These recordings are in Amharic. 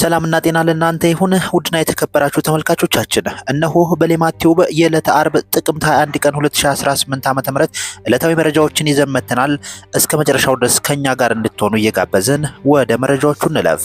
ሰላምና ጤና ለእናንተ ይሁን ውድና የተከበራችሁ ተመልካቾቻችን፣ እነሆ በሌማት ቲዩብ የዕለተ አርብ ጥቅምት 21 ቀን 2018 ዓ.ም ዕለታዊ መረጃዎችን ይዘን መጥተናል። እስከ መጨረሻው ድረስ ከኛ ጋር እንድትሆኑ እየጋበዝን ወደ መረጃዎቹ እንለፍ።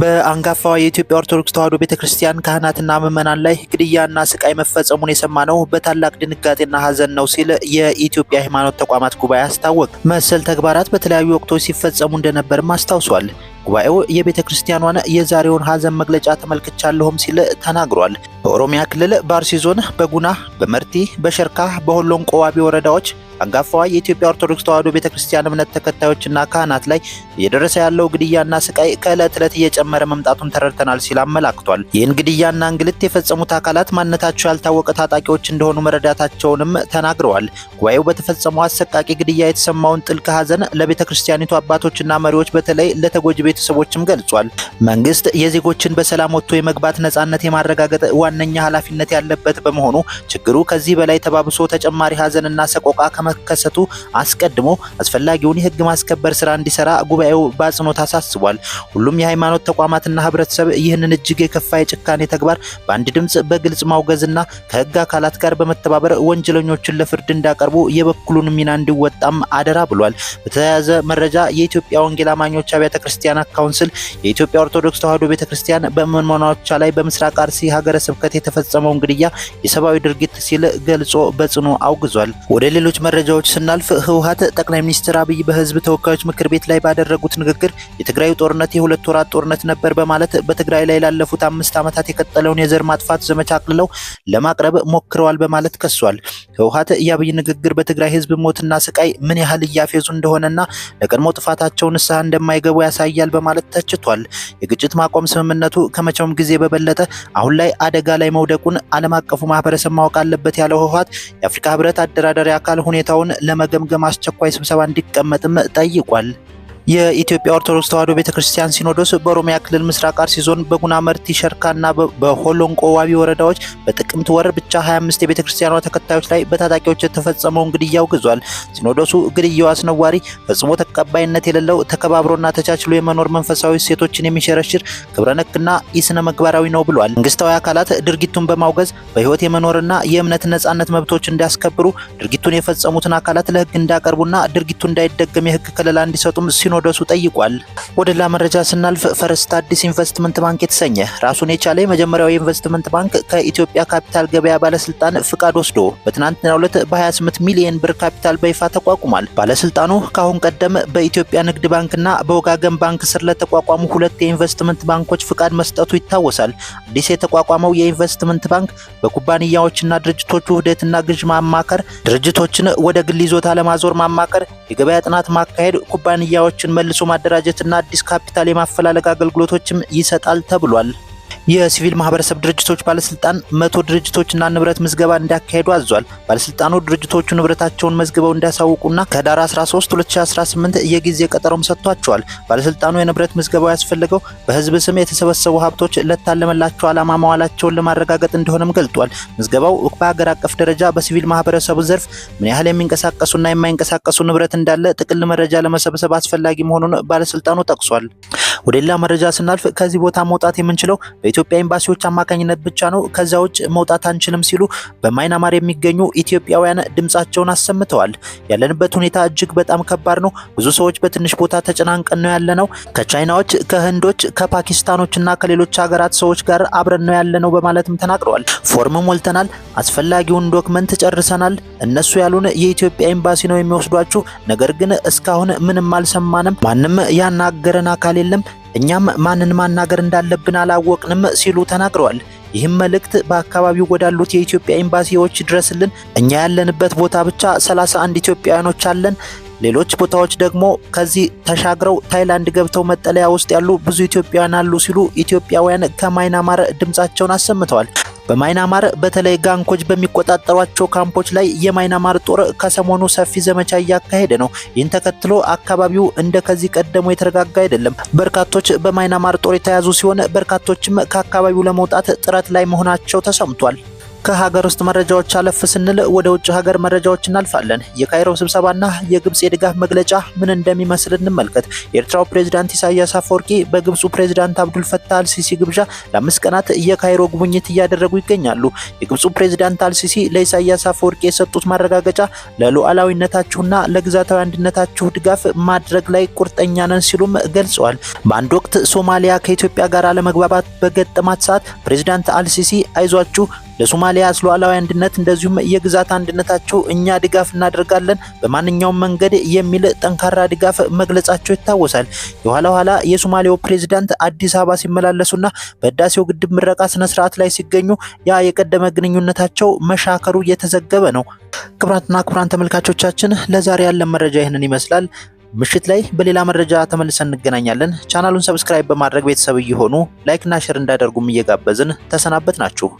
በአንጋፋዋ የኢትዮጵያ ኦርቶዶክስ ተዋሕዶ ቤተክርስቲያን ካህናትና ምዕመናን ላይ ግድያና ስቃይ መፈጸሙን ነው በታላቅ ድንጋጤና ሐዘን ነው ሲል የኢትዮጵያ ሃይማኖት ተቋማት ጉባኤ አስታወቅ። መሰል ተግባራት በተለያዩ ወቅቶች ሲፈጸሙ እንደነበርም አስታውሷል። ጉባኤው የቤተ ክርስቲያኗን የዛሬውን ሐዘን መግለጫ ተመልክቻለሁም ሲል ተናግሯል። በኦሮሚያ ክልል በአርሲ ዞን በጉና በመርቲ በሸርካ በሆሎን ቆዋቢ ወረዳዎች አንጋፋዋ የኢትዮጵያ ኦርቶዶክስ ተዋሕዶ ቤተክርስቲያን እምነት ተከታዮችና ካህናት ላይ እየደረሰ ያለው ግድያና ስቃይ ከዕለት ዕለት እየጨመረ መምጣቱን ተረድተናል ሲል አመላክቷል። ይህን ግድያና እንግልት የፈጸሙት አካላት ማንነታቸው ያልታወቀ ታጣቂዎች እንደሆኑ መረዳታቸውንም ተናግረዋል። ጉባኤው በተፈጸመው አሰቃቂ ግድያ የተሰማውን ጥልቅ ሐዘን ለቤተክርስቲያኒቱ አባቶችና መሪዎች በተለይ ለተጎጂ ቤተሰቦችም ገልጿል። መንግስት የዜጎችን በሰላም ወጥቶ የመግባት ነጻነት የማረጋገጥ ዋነኛ ኃላፊነት ያለበት በመሆኑ ችግሩ ከዚህ በላይ ተባብሶ ተጨማሪ ሐዘንና ሰቆቃ ከመ ከመከሰቱ አስቀድሞ አስፈላጊውን የህግ ማስከበር ስራ እንዲሰራ ጉባኤው በአጽንኦት አሳስቧል። ሁሉም የሃይማኖት ተቋማትና ህብረተሰብ ይህንን እጅግ የከፋ የጭካኔ ተግባር በአንድ ድምፅ በግልጽ ማውገዝና ከህግ አካላት ጋር በመተባበር ወንጀለኞችን ለፍርድ እንዳቀርቡ የበኩሉን ሚና እንዲወጣም አደራ ብሏል። በተያያዘ መረጃ የኢትዮጵያ ወንጌል አማኞች አብያተ ክርስቲያናት ካውንስል የኢትዮጵያ ኦርቶዶክስ ተዋሕዶ ቤተ ክርስቲያን በምዕመናኖቿ ላይ በምስራቅ አርሲ ሀገረ ስብከት የተፈጸመውን ግድያ የሰብአዊ ድርጊት ሲል ገልጾ በጽኑ አውግዟል። ወደ ሌሎች መረጃዎች ስናልፍ ህወሀት ጠቅላይ ሚኒስትር አብይ በህዝብ ተወካዮች ምክር ቤት ላይ ባደረጉት ንግግር የትግራዩ ጦርነት የሁለት ወራት ጦርነት ነበር በማለት በትግራይ ላይ ላለፉት አምስት ዓመታት የቀጠለውን የዘር ማጥፋት ዘመቻ አቅልለው ለማቅረብ ሞክረዋል በማለት ከሷል። ህወሀት የአብይ ንግግር በትግራይ ህዝብ ሞትና ስቃይ ምን ያህል እያፌዙ እንደሆነና ለቀድሞ ጥፋታቸው ንስሐ እንደማይገቡ ያሳያል በማለት ተችቷል። የግጭት ማቆም ስምምነቱ ከመቼውም ጊዜ በበለጠ አሁን ላይ አደጋ ላይ መውደቁን ዓለም አቀፉ ማህበረሰብ ማወቅ አለበት ያለው ህወሀት የአፍሪካ ህብረት አደራዳሪ አካል ሁኔታ ሁኔታውን ለመገምገም አስቸኳይ ስብሰባ እንዲቀመጥም ጠይቋል። የኢትዮጵያ ኦርቶዶክስ ተዋሕዶ ቤተክርስቲያን ሲኖዶስ በኦሮሚያ ክልል ምስራቅ አርሲ ዞን በጉና መርቲ ሸርካና በሆሎንቆ ዋቢ ወረዳዎች በጥቅምት ወር ብቻ 25 የቤተክርስቲያኗ ተከታዮች ላይ በታጣቂዎች የተፈጸመውን ግድያ አውግዟል። ሲኖዶሱ ግድያው አስነዋሪ፣ ፈጽሞ ተቀባይነት የሌለው ተከባብሮና ተቻችሎ የመኖር መንፈሳዊ እሴቶችን የሚሸረሽር ክብረነክና ኢስነ ምግባራዊ ነው ብሏል። መንግስታዊ አካላት ድርጊቱን በማውገዝ በህይወት የመኖርና የእምነት ነጻነት መብቶች እንዲያስከብሩ ድርጊቱን የፈጸሙትን አካላት ለህግ እንዲያቀርቡና ድርጊቱ እንዳይደገም የህግ ከለላ እንዲሰጡም ሲኖዶሱ ጠይቋል። ወደ ሌላ መረጃ ስናልፍ ፈረስት አዲስ ኢንቨስትመንት ባንክ የተሰኘ ራሱን የቻለ የመጀመሪያው የኢንቨስትመንት ባንክ ከኢትዮጵያ ካፒታል ገበያ ባለስልጣን ፍቃድ ወስዶ በትናንትናው ዕለት በ28 ሚሊዮን ብር ካፒታል በይፋ ተቋቁሟል። ባለስልጣኑ ከአሁን ቀደም በኢትዮጵያ ንግድ ባንክና በወጋገን ባንክ ስር ለተቋቋሙ ሁለት የኢንቨስትመንት ባንኮች ፍቃድ መስጠቱ ይታወሳል። አዲስ የተቋቋመው የኢንቨስትመንት ባንክ በኩባንያዎችና ድርጅቶች ውህደትና ግዥ ማማከር፣ ድርጅቶችን ወደ ግል ይዞታ ለማዞር ማማከር፣ የገበያ ጥናት ማካሄድ፣ ኩባንያዎች ገበያዎችን መልሶ ማደራጀትና አዲስ ካፒታል የማፈላለግ አገልግሎቶችም ይሰጣል ተብሏል። የሲቪል ማህበረሰብ ድርጅቶች ባለስልጣን መቶ ድርጅቶችና ንብረት ምዝገባ እንዲያካሄዱ አዟል። ባለስልጣኑ ድርጅቶቹ ንብረታቸውን መዝግበው እንዲያሳውቁና ከዳር 13 2018 የጊዜ ቀጠሮም ሰጥቷቸዋል። ባለስልጣኑ የንብረት ምዝገባው ያስፈለገው በህዝብ ስም የተሰበሰቡ ሀብቶች ለታለመላቸው ዓላማ መዋላቸውን ለማረጋገጥ እንደሆነም ገልጧል። ምዝገባው በሀገር አቀፍ ደረጃ በሲቪል ማህበረሰቡ ዘርፍ ምን ያህል የሚንቀሳቀሱና የማይንቀሳቀሱ ንብረት እንዳለ ጥቅል መረጃ ለመሰብሰብ አስፈላጊ መሆኑን ባለስልጣኑ ጠቅሷል። ወደ ሌላ መረጃ ስናልፍ ከዚህ ቦታ መውጣት የምንችለው በኢትዮጵያ ኤምባሲዎች አማካኝነት ብቻ ነው፣ ከዛ ውጭ መውጣት አንችልም ሲሉ በማይናማር የሚገኙ ኢትዮጵያውያን ድምጻቸውን አሰምተዋል። ያለንበት ሁኔታ እጅግ በጣም ከባድ ነው። ብዙ ሰዎች በትንሽ ቦታ ተጨናንቀን ነው ያለነው። ከቻይናዎች፣ ከህንዶች፣ ከፓኪስታኖች እና ከሌሎች ሀገራት ሰዎች ጋር አብረን ነው ያለነው በማለትም ተናግረዋል። ፎርም ሞልተናል፣ አስፈላጊውን ዶክመንት ጨርሰናል። እነሱ ያሉን የኢትዮጵያ ኤምባሲ ነው የሚወስዷችሁ፣ ነገር ግን እስካሁን ምንም አልሰማንም፣ ማንም ያናገረን አካል የለም። እኛም ማንን ማናገር እንዳለብን አላወቅንም ሲሉ ተናግረዋል። ይህም መልእክት በአካባቢው ወዳሉት የኢትዮጵያ ኤምባሲዎች ድረስልን። እኛ ያለንበት ቦታ ብቻ 31 ኢትዮጵያውያኖች አለን። ሌሎች ቦታዎች ደግሞ ከዚህ ተሻግረው ታይላንድ ገብተው መጠለያ ውስጥ ያሉ ብዙ ኢትዮጵያውያን አሉ ሲሉ ኢትዮጵያውያን ከማይናማር ድምጻቸውን አሰምተዋል። በማይናማር በተለይ ጋንኮች በሚቆጣጠሯቸው ካምፖች ላይ የማይናማር ጦር ከሰሞኑ ሰፊ ዘመቻ እያካሄደ ነው። ይህን ተከትሎ አካባቢው እንደ ከዚህ ቀደሙ የተረጋጋ አይደለም። በርካቶች በማይናማር ጦር የተያዙ ሲሆን፣ በርካቶችም ከአካባቢው ለመውጣት ጥረት ላይ መሆናቸው ተሰምቷል። ከሀገር ውስጥ መረጃዎች አለፍ ስንል ወደ ውጭ ሀገር መረጃዎች እናልፋለን። የካይሮ ስብሰባና የግብፅ የድጋፍ መግለጫ ምን እንደሚመስል እንመልከት። የኤርትራው ፕሬዚዳንት ኢሳያስ አፈወርቂ በግብፁ ፕሬዚዳንት አብዱልፈታ አልሲሲ ግብዣ ለአምስት ቀናት የካይሮ ጉብኝት እያደረጉ ይገኛሉ። የግብፁ ፕሬዚዳንት አልሲሲ ለኢሳያስ አፈወርቂ የሰጡት ማረጋገጫ ለሉዓላዊነታችሁና ለግዛታዊ አንድነታችሁ ድጋፍ ማድረግ ላይ ቁርጠኛ ነን ሲሉም ገልጸዋል። በአንድ ወቅት ሶማሊያ ከኢትዮጵያ ጋር አለመግባባት በገጠማት ሰዓት ፕሬዚዳንት አልሲሲ አይዟችሁ ለሶማሊያ ሉዓላዊ አንድነት እንደዚሁም የግዛት አንድነታቸው እኛ ድጋፍ እናደርጋለን በማንኛውም መንገድ የሚል ጠንካራ ድጋፍ መግለጻቸው ይታወሳል። የኋላ ኋላ የሶማሌው ፕሬዝዳንት አዲስ አበባ ሲመላለሱና በህዳሴው ግድብ ምረቃ ስነ ስርዓት ላይ ሲገኙ ያ የቀደመ ግንኙነታቸው መሻከሩ እየተዘገበ ነው። ክብራትና ክብራን ተመልካቾቻችን ለዛሬ ያለን መረጃ ይህንን ይመስላል። ምሽት ላይ በሌላ መረጃ ተመልሰን እንገናኛለን። ቻናሉን ሰብስክራይብ በማድረግ ቤተሰብ እየሆኑ ላይክና ሼር እንዳደርጉም እየጋበዝን ተሰናበት ናችሁ።